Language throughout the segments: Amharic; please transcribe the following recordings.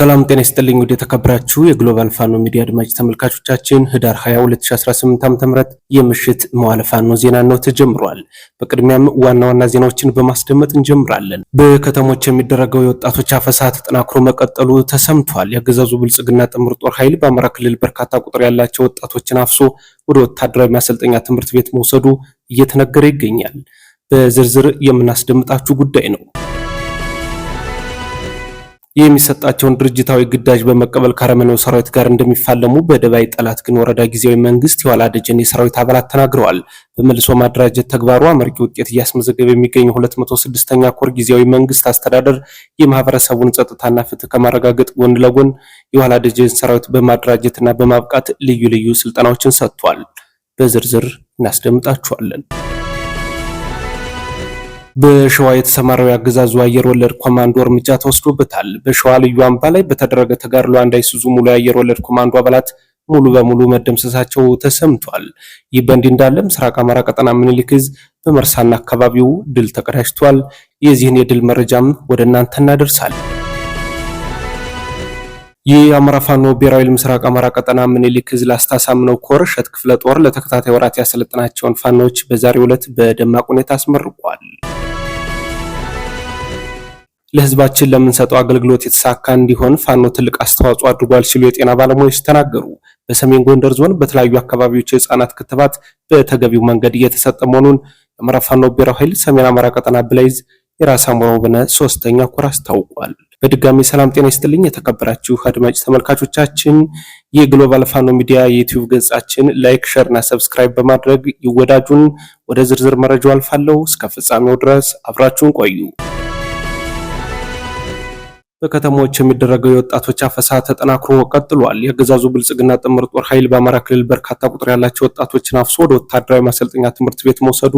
ሰላም ጤና ይስጥልኝ። ወደ የተከበራችሁ የግሎባል ፋኖ ሚዲያ አድማጭ ተመልካቾቻችን ህዳር 20 2018 ዓ.ም የምሽት መዋለ ፋኖ ዜና ነው ተጀምሯል። በቅድሚያም ዋና ዋና ዜናዎችን በማስደመጥ እንጀምራለን። በከተሞች የሚደረገው የወጣቶች አፈሳ ተጠናክሮ መቀጠሉ ተሰምቷል። የአገዛዙ ብልጽግና ጥምር ጦር ኃይል በአማራ ክልል በርካታ ቁጥር ያላቸው ወጣቶችን አፍሶ ወደ ወታደራዊ ማሰልጠኛ ትምህርት ቤት መውሰዱ እየተነገረ ይገኛል። በዝርዝር የምናስደምጣችሁ ጉዳይ ነው። ይህ የሚሰጣቸውን ድርጅታዊ ግዳጅ በመቀበል ከአረመኔው ሰራዊት ጋር እንደሚፋለሙ በደባይ ጠላት ግን ወረዳ ጊዜያዊ መንግስት የኋላ ደጀን የሰራዊት አባላት ተናግረዋል። በመልሶ ማደራጀት ተግባሩ አመርቂ ውጤት እያስመዘገበ የሚገኘው 206ኛ ኮር ጊዜያዊ መንግስት አስተዳደር የማህበረሰቡን ጸጥታና ፍትህ ከማረጋገጥ ጎን ለጎን የኋላ ደጀን ሰራዊት በማደራጀትና በማብቃት ልዩ ልዩ ስልጠናዎችን ሰጥቷል። በዝርዝር እናስደምጣችኋለን። በሸዋ የተሰማራው የአገዛዙ አየር ወለድ ኮማንዶ እርምጃ ተወስዶበታል። በሸዋ ልዩ አምባ ላይ በተደረገ ተጋድሎ አንድ አይሱዙ ሙሉ የአየር ወለድ ኮማንዶ አባላት ሙሉ በሙሉ መደምሰሳቸው ተሰምቷል። ይህ በእንዲህ እንዳለ ምስራቅ አማራ ቀጠና ምኒልክ በመርሳና አካባቢው ድል ተቀዳጅቷል። የዚህን የድል መረጃም ወደ እናንተ እናደርሳለን። የአማራ ፋኖ ብሔራዊ ምስራቅ አማራ ቀጠና ምኒልክ ዕዝ ላስታ ኮር ሸት ክፍለ ጦር ለተከታታይ ወራት ያሰለጠናቸውን ፋኖች በዛሬው ዕለት በደማቅ ሁኔታ አስመርቋል። ለህዝባችን ለምንሰጠው አገልግሎት የተሳካ እንዲሆን ፋኖ ትልቅ አስተዋጽኦ አድርጓል ሲሉ የጤና ባለሙያዎች ተናገሩ። በሰሜን ጎንደር ዞን በተለያዩ አካባቢዎች የህፃናት ክትባት በተገቢው መንገድ እየተሰጠ መሆኑን የአማራ ፋኖ ብሔራዊ ኃይል ሰሜን አማራ ቀጠና ብላይዝ የራስ አሞራ ውብነ ሶስተኛ ኮር አስታውቋል። በድጋሚ ሰላም ጤና ይስጥልኝ የተከበራችሁ አድማጭ ተመልካቾቻችን፣ የግሎባል ፋኖ ሚዲያ የዩቲዩብ ገጻችን ላይክ፣ ሸር እና ሰብስክራይብ በማድረግ ይወዳጁን። ወደ ዝርዝር መረጃው አልፋለሁ። እስከ ፍጻሜው ድረስ አብራችሁን ቆዩ። በከተሞች የሚደረገው የወጣቶች አፈሳ ተጠናክሮ ቀጥሏል። የአገዛዙ ብልጽግና ጥምር ጦር ኃይል በአማራ ክልል በርካታ ቁጥር ያላቸው ወጣቶችን አፍሶ ወደ ወታደራዊ ማሰልጠኛ ትምህርት ቤት መውሰዱ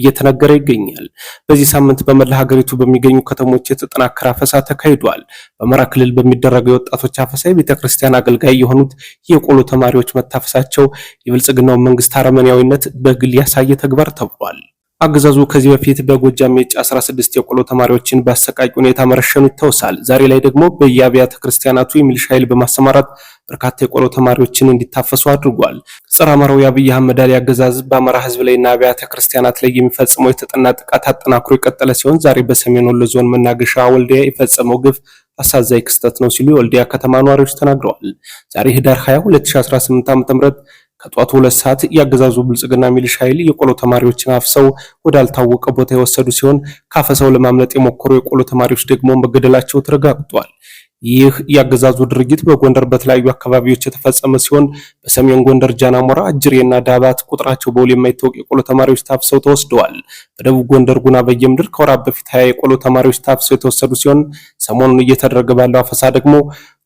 እየተነገረ ይገኛል። በዚህ ሳምንት በመላ ሀገሪቱ በሚገኙ ከተሞች የተጠናከረ አፈሳ ተካሂዷል። በአማራ ክልል በሚደረገው የወጣቶች አፈሳ የቤተ ክርስቲያን አገልጋይ የሆኑት የቆሎ ተማሪዎች መታፈሳቸው የብልጽግናው መንግስት አረመኔያዊነት በግል ያሳየ ተግባር ተብሏል። አገዛዙ ከዚህ በፊት በጎጃም ሜጭ 16 የቆሎ ተማሪዎችን በአሰቃቂ ሁኔታ መረሸኑ ይታወሳል። ዛሬ ላይ ደግሞ በየአብያተ ክርስቲያናቱ የሚሊሻ ኃይል በማሰማራት በርካታ የቆሎ ተማሪዎችን እንዲታፈሱ አድርጓል። ጸረ አማራው የአብይ አህመድ አሊ አገዛዝ በአማራ ላይ ላይና አብያተ ክርስቲያናት ላይ የሚፈጽመው የተጠና ጥቃት አጠናክሮ የቀጠለ ሲሆን ዛሬ በሰሜን ወሎ ዞን መናገሻ ወልዲያ የፈጸመው ግፍ አሳዛኝ ክስተት ነው ሲሉ የወልዲያ ከተማ ነዋሪዎች ተናግረዋል። ዛሬ ህዳር 20 2018 ዓ.ም ከጧቱ ሁለት ሰዓት ያገዛዙ ብልጽግና ሚሊሻ ኃይል የቆሎ ተማሪዎችን አፍሰው ወዳልታወቀ ቦታ የወሰዱ ሲሆን ካፈሰው ለማምለጥ የሞከሩ የቆሎ ተማሪዎች ደግሞ መገደላቸው ተረጋግጧል። ይህ ያገዛዙ ድርጊት በጎንደር በተለያዩ አካባቢዎች የተፈጸመ ሲሆን በሰሜን ጎንደር ጃናሞራ፣ እጅሬና ዳባት ቁጥራቸው በውል የማይታወቅ የቆሎ ተማሪዎች ታፍሰው ተወስደዋል። በደቡብ ጎንደር ጉና በየምድር ከወራት በፊት ሀያ የቆሎ ተማሪዎች ታፍሰው የተወሰዱ ሲሆን ሰሞኑን እየተደረገ ባለው አፈሳ ደግሞ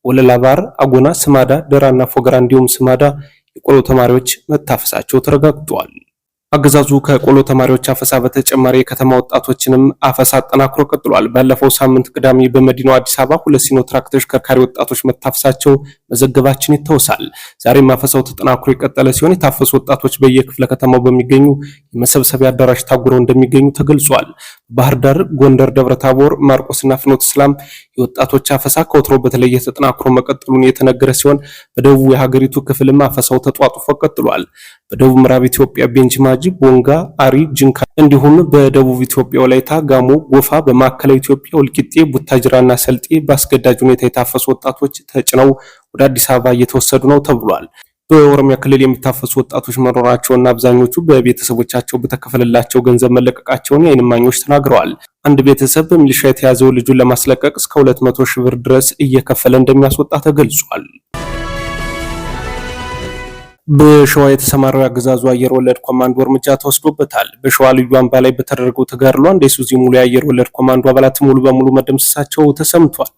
ወለላባር፣ አጎና፣ ስማዳ፣ ደራና ፎገራ እንዲሁም ስማዳ የቆሎ ተማሪዎች መታፈሳቸው ተረጋግጧል። አገዛዙ ከቆሎ ተማሪዎች አፈሳ በተጨማሪ የከተማ ወጣቶችንም አፈሳ አጠናክሮ ቀጥሏል። ባለፈው ሳምንት ቅዳሜ በመዲናው አዲስ አበባ ሁለት ሲኖትራክ ተሽከርካሪ ወጣቶች መታፈሳቸው መዘገባችን ይታወሳል። ዛሬም አፈሳው ተጠናክሮ የቀጠለ ሲሆን የታፈሱ ወጣቶች በየክፍለ ከተማው በሚገኙ የመሰብሰቢያ አዳራሽ ታጉረው እንደሚገኙ ተገልጿል። ባህር ዳር፣ ጎንደር፣ ደብረ ታቦር፣ ማርቆስና ፍኖት ሰላም የወጣቶች አፈሳ ከወትሮ በተለየ ተጠናክሮ መቀጠሉን የተነገረ ሲሆን በደቡብ የሀገሪቱ ክፍልም አፈሳው ተጧጡፎ ቀጥሏል። በደቡብ ምዕራብ ኢትዮጵያ ቤንች አርጂ፣ ቦንጋ፣ አሪ፣ ጅንካ እንዲሁም በደቡብ ኢትዮጵያ ወላይታ፣ ጋሞ፣ ጎፋ፣ በማዕከላዊ ኢትዮጵያ ወልቂጤ፣ ቡታጅራና ሰልጤ በአስገዳጅ ሁኔታ የታፈሱ ወጣቶች ተጭነው ወደ አዲስ አበባ እየተወሰዱ ነው ተብሏል። በኦሮሚያ ክልል የሚታፈሱ ወጣቶች መኖራቸውና አብዛኞቹ በቤተሰቦቻቸው በተከፈለላቸው ገንዘብ መለቀቃቸውን የዓይን እማኞች ተናግረዋል። አንድ ቤተሰብ በሚሊሻ የተያዘው ልጁን ለማስለቀቅ እስከ 200 ሺህ ብር ድረስ እየከፈለ እንደሚያስወጣ ተገልጿል። በሸዋ የተሰማራው አገዛዙ አየር ወለድ ኮማንዶ እርምጃ ተወስዶበታል። በሸዋ ልዩ አምባ ላይ በተደረገው ተጋድሎ አንድ የሱዚ ሙሉ የአየር ወለድ ኮማንዶ አባላት ሙሉ በሙሉ መደምሰሳቸው ተሰምቷል።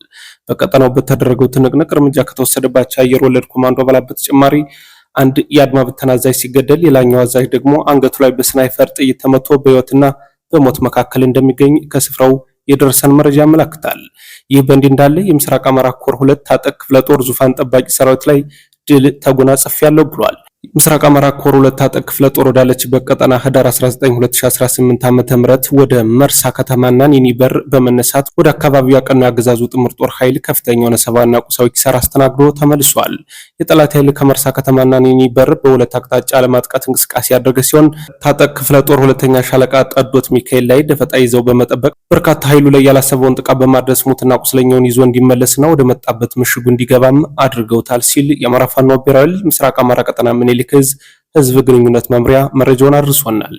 በቀጠናው በተደረገው ትንቅንቅ እርምጃ ከተወሰደባቸው የአየር ወለድ ኮማንዶ አባላት በተጨማሪ አንድ የአድማ ብተና አዛዥ ሲገደል፣ ሌላኛው አዛዥ ደግሞ አንገቱ ላይ በስናይፈር ጥይት ተመቶ በህይወትና በሞት መካከል እንደሚገኝ ከስፍራው የደረሰን መረጃ ያመላክታል። ይህ በእንዲህ እንዳለ የምስራቅ አማራ ኮር ሁለት ታጠቅ ክፍለ ጦር ዙፋን ጠባቂ ሰራዊት ላይ ድል ያለው ብሏል። ምስራቅ አማራ ኮር ሁለት አጠቅ ክፍለ ጦር ወዳለችበት ቀጠና ህዳር 19 2018 ዓ.ም ወደ መርሳ ከተማና ኒኒበር በመነሳት ወደ አካባቢው ያቀና ያገዛዙ ጥምር ጦር ኃይል ከፍተኛ የሆነ ሰብዓዊና ቁሳዊ ኪሳራ አስተናግዶ ተመልሷል። የጠላት ኃይል ከመርሳ ከተማና ኒኒበር በሁለት አቅጣጫ ለማጥቃት እንቅስቃሴ ያደረገ ሲሆን ታጠቅ ክፍለ ጦር ሁለተኛ ሻለቃ ጠዶት ሚካኤል ላይ ደፈጣ ይዘው በመጠበቅ በርካታ ኃይሉ ላይ ያላሰበውን ጥቃት በማድረስ ሙትና ቁስለኛውን ይዞ እንዲመለስና ወደ መጣበት ምሽጉ እንዲገባም አድርገውታል ሲል የአማራ ፋኖ ብሔራዊ ምስራቅ አማራ ቀጠና ምን ምኒልክ እዝ ህዝብ ግንኙነት መምሪያ መረጃውን አድርሶናል።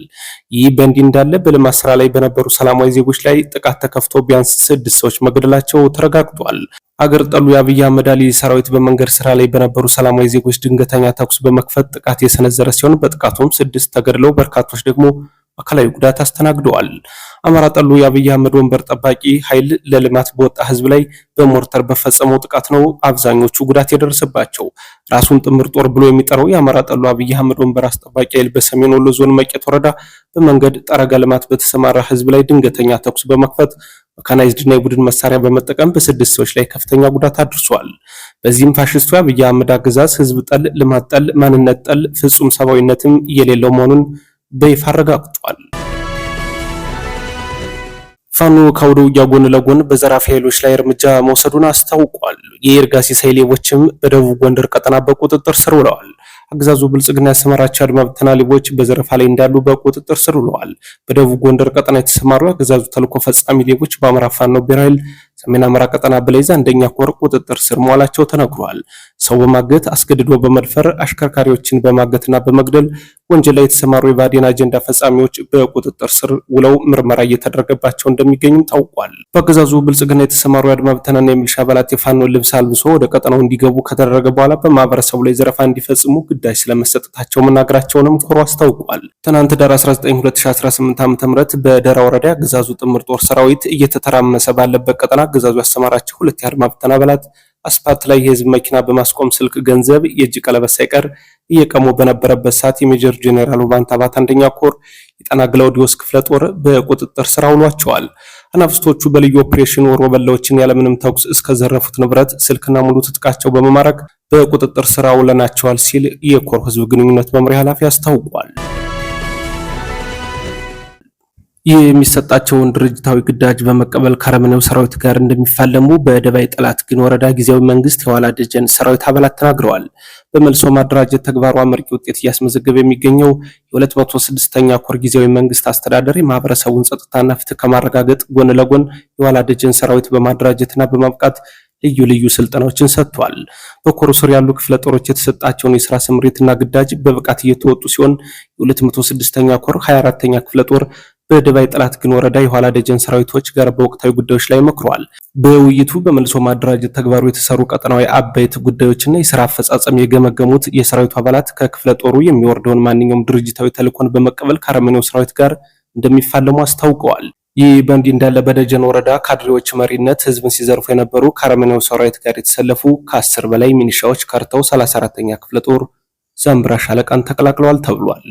ይህ በእንዲህ እንዳለ በልማት ስራ ላይ በነበሩ ሰላማዊ ዜጎች ላይ ጥቃት ተከፍቶ ቢያንስ ስድስት ሰዎች መገደላቸው ተረጋግጧል። አገር ጠሉ የአብይ አህመድ አሊ ሰራዊት በመንገድ ስራ ላይ በነበሩ ሰላማዊ ዜጎች ድንገተኛ ተኩስ በመክፈት ጥቃት የሰነዘረ ሲሆን በጥቃቱም ስድስት ተገድለው በርካቶች ደግሞ አካላዊ ጉዳት አስተናግደዋል። አማራ ጠሉ የአብይ አህመድ ወንበር ጠባቂ ኃይል ለልማት በወጣ ህዝብ ላይ በሞርተር በፈጸመው ጥቃት ነው አብዛኞቹ ጉዳት የደረሰባቸው። ራሱን ጥምር ጦር ብሎ የሚጠራው የአማራ ጠሉ አብይ አህመድ ወንበር አስጠባቂ ኃይል በሰሜን ወሎ ዞን መቄት ወረዳ በመንገድ ጠረጋ ልማት በተሰማራ ህዝብ ላይ ድንገተኛ ተኩስ በመክፈት መካናይዝድና የቡድን መሳሪያ በመጠቀም በስድስት ሰዎች ላይ ከፍተኛ ጉዳት አድርሷል። በዚህም ፋሽስቱ የአብይ አህመድ አገዛዝ ህዝብ ጠል፣ ልማት ጠል፣ ማንነት ጠል፣ ፍጹም ሰብአዊነትም የሌለው መሆኑን በይፋ አረጋግጧል። ፋኖ ከአውደ ውጊያ ጎን ለጎን በዘራፊ ኃይሎች ላይ እርምጃ መውሰዱን አስታውቋል። የኤርጋሲ ሳይሌቦችም በደቡብ ጎንደር ቀጠና በቁጥጥር ስር ውለዋል። አገዛዙ ብልጽግና ያሰማራቸው አድማ ብተና ሌቦች በዘረፋ ላይ እንዳሉ በቁጥጥር ስር ውለዋል። በደቡብ ጎንደር ቀጠና የተሰማሩ አገዛዙ ተልኮ ፈጻሚ ሌቦች በአማራ ፋኖ ብሔራዊ ኃይል ሰሜን አማራ ቀጠና በላይዛ አንደኛ ኮር ቁጥጥር ስር መዋላቸው ተነግሯል። ሰው በማገት አስገድዶ በመድፈር አሽከርካሪዎችን በማገትና በመግደል ወንጀል ላይ የተሰማሩ የባዴን አጀንዳ ፈጻሚዎች በቁጥጥር ስር ውለው ምርመራ እየተደረገባቸው እንደሚገኝም ታውቋል። በአገዛዙ ብልጽግና የተሰማሩ የአድማ ብተናና የሚሊሻ አባላት የፋኖ ልብስ አልብሶ ወደ ቀጠናው እንዲገቡ ከተደረገ በኋላ በማህበረሰቡ ላይ ዘረፋ እንዲፈጽሙ ግዳጅ ስለመሰጠታቸው መናገራቸውንም ኮሮ አስታውቋል። ትናንት ዳር 192018 ዓ ም በደራ ወረዳ አገዛዙ ጥምር ጦር ሰራዊት እየተተራመሰ ባለበት ቀጠና አገዛዙ ያሰማራቸው ሁለት የአድማ ብተና አባላት አስፓልት ላይ የህዝብ መኪና በማስቆም ስልክ፣ ገንዘብ፣ የእጅ ቀለበት ሳይቀር እየቀሙ በነበረበት ሰዓት የሜጀር ጄኔራል ባንታ ባት አንደኛ ኮር የጣና ግላውዲዮስ ክፍለ ጦር በቁጥጥር ስር አውሏቸዋል። አናፍስቶቹ በልዩ ኦፕሬሽን ወር በላዎችን ያለምንም ተኩስ እስከዘረፉት ንብረት ስልክና ሙሉ ትጥቃቸው በመማረክ በቁጥጥር ስር አውለናቸዋል ሲል የኮር ህዝብ ግንኙነት መምሪያ ኃላፊ አስታውቋል። ይህ የሚሰጣቸውን ድርጅታዊ ግዳጅ በመቀበል ከአረመኔው ሰራዊት ጋር እንደሚፋለሙ በደባይ ጠላት ግን ወረዳ ጊዜያዊ መንግስት የኋላ ደጀን ሰራዊት አባላት ተናግረዋል። በመልሶ ማደራጀት ተግባሩ አመርቂ ውጤት እያስመዘገበ የሚገኘው የ206ኛ ኮር ጊዜያዊ መንግስት አስተዳደር የማህበረሰቡን ጸጥታና ፍትህ ከማረጋገጥ ጎን ለጎን የኋላ ደጀን ሰራዊት በማደራጀትና በማብቃት ልዩ ልዩ ስልጠናዎችን ሰጥቷል። በኮሩ ስር ያሉ ክፍለ ጦሮች የተሰጣቸውን የስራ ስምሪትና ግዳጅ በብቃት እየተወጡ ሲሆን የ206ኛ ኮር 24ኛ ክፍለ ጦር በደባይ ጥላት ግን ወረዳ የኋላ ደጀን ሰራዊቶች ጋር በወቅታዊ ጉዳዮች ላይ መክሯል። በውይይቱ በመልሶ ማደራጀት ተግባሩ የተሰሩ ቀጠናዊ አበይት ጉዳዮችና የስራ አፈጻጸም የገመገሙት የሰራዊቱ አባላት ከክፍለ ጦሩ የሚወርደውን ማንኛውም ድርጅታዊ ተልእኮን በመቀበል ከአረመኔው ሰራዊት ጋር እንደሚፋለሙ አስታውቀዋል። ይህ በእንዲህ እንዳለ በደጀን ወረዳ ካድሬዎች መሪነት ህዝብን ሲዘርፉ የነበሩ ከአረመኔው ሰራዊት ጋር የተሰለፉ ከአስር በላይ ሚኒሻዎች ከርተው 34ኛ ክፍለ ጦር ዘንብራ ሻለቃን ተቀላቅለዋል ተብሏል።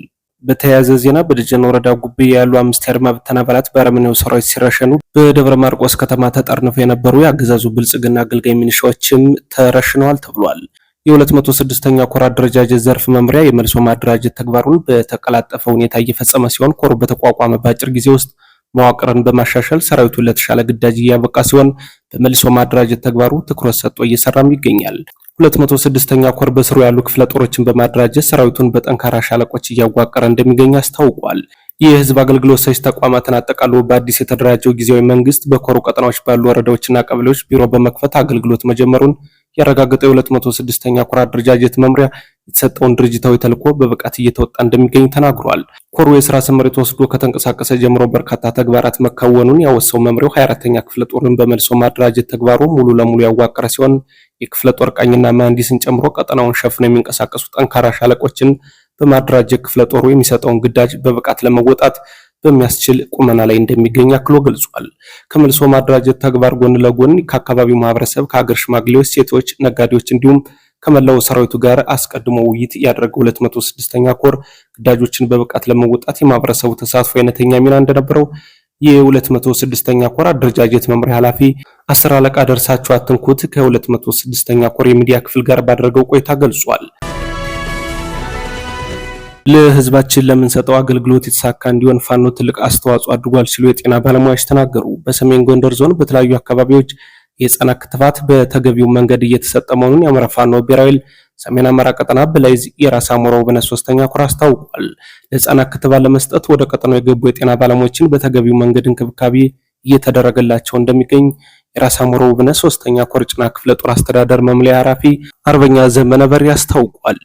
በተያያዘ ዜና በደጀን ወረዳ ጉቤ ያሉ አምስት የአድማ ብተና አባላት በአረመኔው ሰራዊት ሲረሸኑ በደብረ ማርቆስ ከተማ ተጠርንፈው የነበሩ የአገዛዙ ብልጽግና አገልጋይ ሚኒሻዎችም ተረሽነዋል ተብሏል። የ206ኛ ኮር አደረጃጀት ዘርፍ መምሪያ የመልሶ ማደራጀት ተግባሩን በተቀላጠፈ ሁኔታ እየፈጸመ ሲሆን ኮሩ በተቋቋመ በአጭር ጊዜ ውስጥ መዋቅርን በማሻሻል ሰራዊቱን ለተሻለ ግዳጅ እያበቃ ሲሆን በመልሶ ማደራጀት ተግባሩ ትኩረት ሰጥቶ እየሰራም ይገኛል። 206ኛ ኮር በስሩ ያሉ ክፍለ ጦሮችን በማደራጀት ሰራዊቱን በጠንካራ ሻለቆች እያዋቀረ እንደሚገኝ አስታውቋል። የህዝብ አገልግሎት ሰጪ ተቋማትን አጠቃሎ በአዲስ የተደራጀው ጊዜያዊ መንግስት በኮሩ ቀጠናዎች ባሉ ወረዳዎችና ቀበሌዎች ቢሮ በመክፈት አገልግሎት መጀመሩን ያረጋገጠው የ206ኛ ኮር አደረጃጀት መምሪያ የተሰጠውን ድርጅታዊ ተልዕኮ በብቃት እየተወጣ እንደሚገኝ ተናግሯል። ኮሩ የስራ ስምሪት ወስዶ ከተንቀሳቀሰ ጀምሮ በርካታ ተግባራት መከወኑን ያወሳው መምሪያው 24ኛ ክፍለ ጦርን በመልሶ ማደራጀት ተግባሩ ሙሉ ለሙሉ ያዋቀረ ሲሆን የክፍለ ጦር ቃኝና መሐንዲስን ጨምሮ ቀጠናውን ሸፍነው የሚንቀሳቀሱ ጠንካራ ሻለቆችን በማደራጀት ክፍለ ጦሩ የሚሰጠውን ግዳጅ በብቃት ለመወጣት በሚያስችል ቁመና ላይ እንደሚገኝ አክሎ ገልጿል። ከመልሶ ማደራጀት ተግባር ጎን ለጎን ከአካባቢው ማህበረሰብ፣ ከሀገር ሽማግሌዎች፣ ሴቶች፣ ነጋዴዎች እንዲሁም ከመላው ሰራዊቱ ጋር አስቀድሞ ውይይት ያደረገው 206ኛ ኮር ግዳጆችን በብቃት ለመወጣት የማህበረሰቡ ተሳትፎ አይነተኛ ሚና እንደነበረው የ206ኛ ኮር አደረጃጀት መምሪያ ኃላፊ አስር አለቃ ደርሳቸው አትንኩት ከ206ኛ ኮር የሚዲያ ክፍል ጋር ባደረገው ቆይታ ገልጿል። ለህዝባችን ለምንሰጠው አገልግሎት የተሳካ እንዲሆን ፋኖ ትልቅ አስተዋጽኦ አድርጓል ሲሉ የጤና ባለሙያዎች ተናገሩ። በሰሜን ጎንደር ዞን በተለያዩ አካባቢዎች የህፃናት ክትባት በተገቢው መንገድ እየተሰጠ መሆኑን የአማራ ፋኖ ብሔራዊ ሰሜን አማራ ቀጠና በላይዝ የራስ አሞራው በነት ሶስተኛ ኩር አስታውቋል። ለህፃናት ክትባት ለመስጠት ወደ ቀጠናው የገቡ የጤና ባለሙያዎችን በተገቢው መንገድ እንክብካቤ እየተደረገላቸው እንደሚገኝ የራስ አሞራው በነት ሶስተኛ ኮር ጭና ክፍለ ጦር አስተዳደር መምሪያ ኃላፊ አርበኛ ዘመነ በሪ አስታውቋል።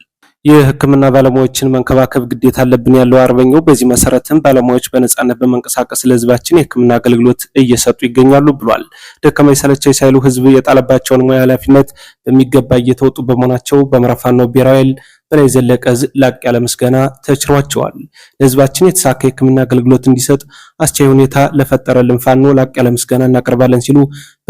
የህክምና ባለሙያዎችን መንከባከብ ግዴታ አለብን ያለው አርበኛው፣ በዚህ መሰረትም ባለሙያዎች በነጻነት በመንቀሳቀስ ለህዝባችን የህክምና አገልግሎት እየሰጡ ይገኛሉ ብሏል። ደከመኝ ሰለቸኝ ሳይሉ ህዝብ የጣለባቸውን ሙያ ኃላፊነት በሚገባ እየተወጡ በመሆናቸው በምዕራብ ፋኖ ብሔራዊ ኃይል በላይ ዘለቀ ላቅ ያለ ምስጋና ተችሯቸዋል። ለህዝባችን የተሳካ የህክምና አገልግሎት እንዲሰጥ አስቻይ ሁኔታ ለፈጠረልን ፋኖ ላቅ ያለ ምስጋና እናቀርባለን ሲሉ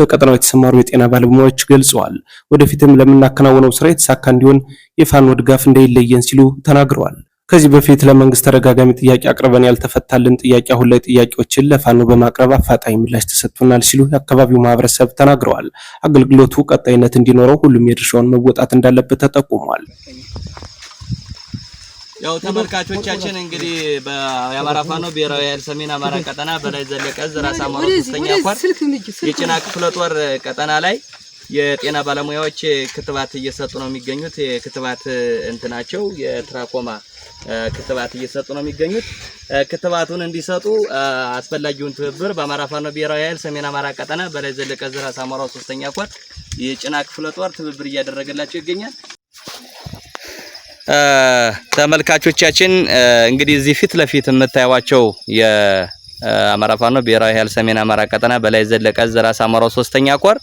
በቀጠናው የተሰማሩ የጤና ባለሙያዎች ገልጸዋል። ወደፊትም ለምናከናውነው ስራ የተሳካ እንዲሆን የፋኖ ድጋፍ እንዳይለየን ሲሉ ተናግረዋል። ከዚህ በፊት ለመንግስት ተደጋጋሚ ጥያቄ አቅርበን ያልተፈታልን ጥያቄ አሁን ላይ ጥያቄዎችን ለፋኖ በማቅረብ አፋጣኝ ምላሽ ተሰጥቶናል ሲሉ የአካባቢው ማህበረሰብ ተናግረዋል። አገልግሎቱ ቀጣይነት እንዲኖረው ሁሉም የድርሻውን መወጣት እንዳለበት ተጠቁሟል። ያው ተመልካቾቻችን እንግዲህ የአማራ ፋኖ ብሔራዊ ኃይል ሰሜን አማራ ቀጠና በላይ ዘለቀ ራስ አማራ ሶስተኛ ኳር የጭና ክፍለ ጦር ቀጠና ላይ የጤና ባለሙያዎች ክትባት እየሰጡ ነው የሚገኙት። የክትባት እንትናቸው የትራኮማ ክትባት እየሰጡ ነው የሚገኙት። ክትባቱን እንዲሰጡ አስፈላጊውን ትብብር በአማራ ፋኖ ብሔራዊ ኃይል ሰሜን አማራ ቀጠና በላይ ዘለቀ ዝራ ሳሞራው ሶስተኛ ኮር የጭና ክፍለ ጦር ትብብር እያደረገላቸው ይገኛል። ተመልካቾቻችን እንግዲህ እዚህ ፊት ለፊት የምታዩዋቸው የአማራ ፋኖ ብሔራዊ ኃይል ሰሜን አማራ ቀጠና በላይ ዘለቀ ዝራ ሳሞራው ሶስተኛ ኮር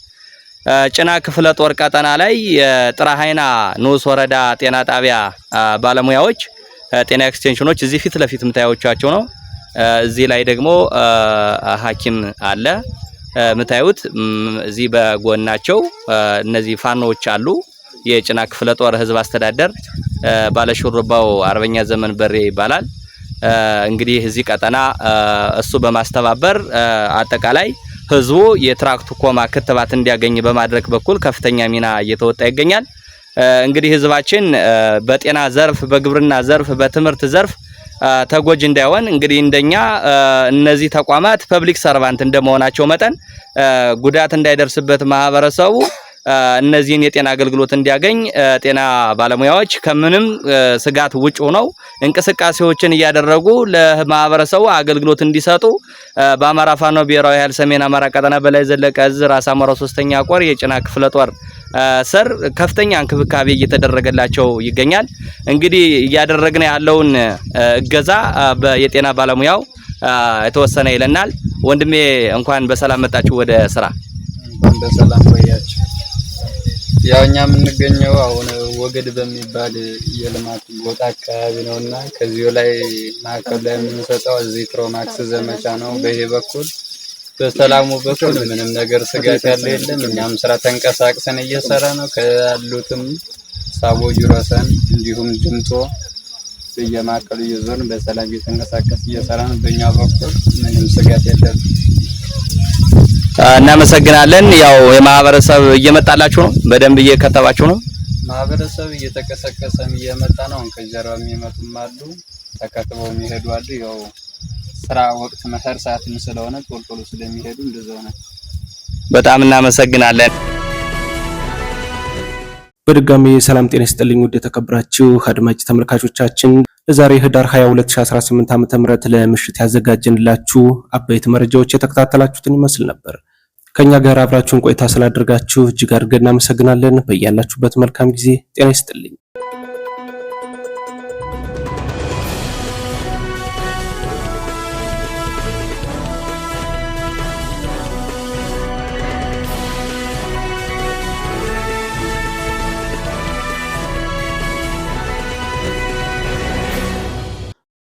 ጭና ክፍለ ጦር ቀጠና ላይ የጥራ ሀይና ንዑስ ወረዳ ጤና ጣቢያ ባለሙያዎች ጤና ኤክስቴንሽኖች እዚህ ፊት ለፊት የምታዩቸው ነው። እዚህ ላይ ደግሞ ሐኪም አለ የምታዩት። እዚህ በጎናቸው እነዚህ ፋኖዎች አሉ። የጭና ክፍለ ጦር ህዝብ አስተዳደር ባለሹርባው አርበኛ ዘመን በሬ ይባላል። እንግዲህ እዚህ ቀጠና እሱ በማስተባበር አጠቃላይ ህዝቡ የትራክቱ ኮማ ክትባት እንዲያገኝ በማድረግ በኩል ከፍተኛ ሚና እየተወጣ ይገኛል። እንግዲህ ህዝባችን በጤና ዘርፍ፣ በግብርና ዘርፍ፣ በትምህርት ዘርፍ ተጎጅ እንዳይሆን እንግዲህ እንደኛ እነዚህ ተቋማት ፐብሊክ ሰርቫንት እንደመሆናቸው መጠን ጉዳት እንዳይደርስበት ማህበረሰቡ እነዚህን የጤና አገልግሎት እንዲያገኝ ጤና ባለሙያዎች ከምንም ስጋት ውጭ ሆነው እንቅስቃሴዎችን እያደረጉ ለማህበረሰቡ አገልግሎት እንዲሰጡ በአማራ ፋኖ ብሔራዊ ኃይል ሰሜን አማራ ቀጠና በላይ ዘለቀ እዝ ራስ አሞራ ሶስተኛ ቆር የጭና ክፍለ ጦር ስር ከፍተኛ እንክብካቤ እየተደረገላቸው ይገኛል። እንግዲህ እያደረግን ያለውን እገዛ የጤና ባለሙያው የተወሰነ ይለናል። ወንድሜ እንኳን በሰላም መጣችሁ ወደ ስራ። በሰላም ቆያችሁ። ያው እኛ የምንገኘው አሁን ወገድ በሚባል የልማት ቦታ አካባቢ ነው እና ከዚሁ ላይ ማዕከል ላይ የምንሰጠው እዚህ ፕሮማክስ ዘመቻ ነው። በይሄ በኩል በሰላሙ በኩል ምንም ነገር ስጋት ያለ የለም። እኛም ስራ ተንቀሳቅሰን እየሰራ ነው ከያሉትም ሳቦ ጅሮሰን፣ እንዲሁም ድምጦ በየማዕከሉ እየዞርን በሰላም እየተንቀሳቀስ እየሰራ ነው። በእኛ በኩል ምንም ስጋት የለም። እናመሰግናለን። ያው የማህበረሰብ እየመጣላችሁ ነው፣ በደንብ እየከተባችሁ ነው። ማህበረሰብ እየተቀሰቀሰም እየመጣ ነው። ከጀርባ የሚመጡም አሉ፣ ተከትበው የሚሄዱ አሉ። ያው ስራ ወቅት መኸር ሰዓትም ስለሆነ ቶሎ ስለሚሄዱ እንደዛው ነው። በጣም እናመሰግናለን። በድጋሚ ሰላም ጤና ይስጥልኝ። ውድ የተከበራችሁ አድማጭ ተመልካቾቻችን ለዛሬ ህዳር 22 2018 ዓ.ም ለምሽት ያዘጋጀንላችሁ አበይት መረጃዎች የተከታተላችሁትን ይመስል ነበር። ከኛ ጋር አብራችሁን ቆይታ ስላደርጋችሁ እጅግ አድርገን እናመሰግናለን። በያላችሁበት መልካም ጊዜ ጤና ይስጥልኝ።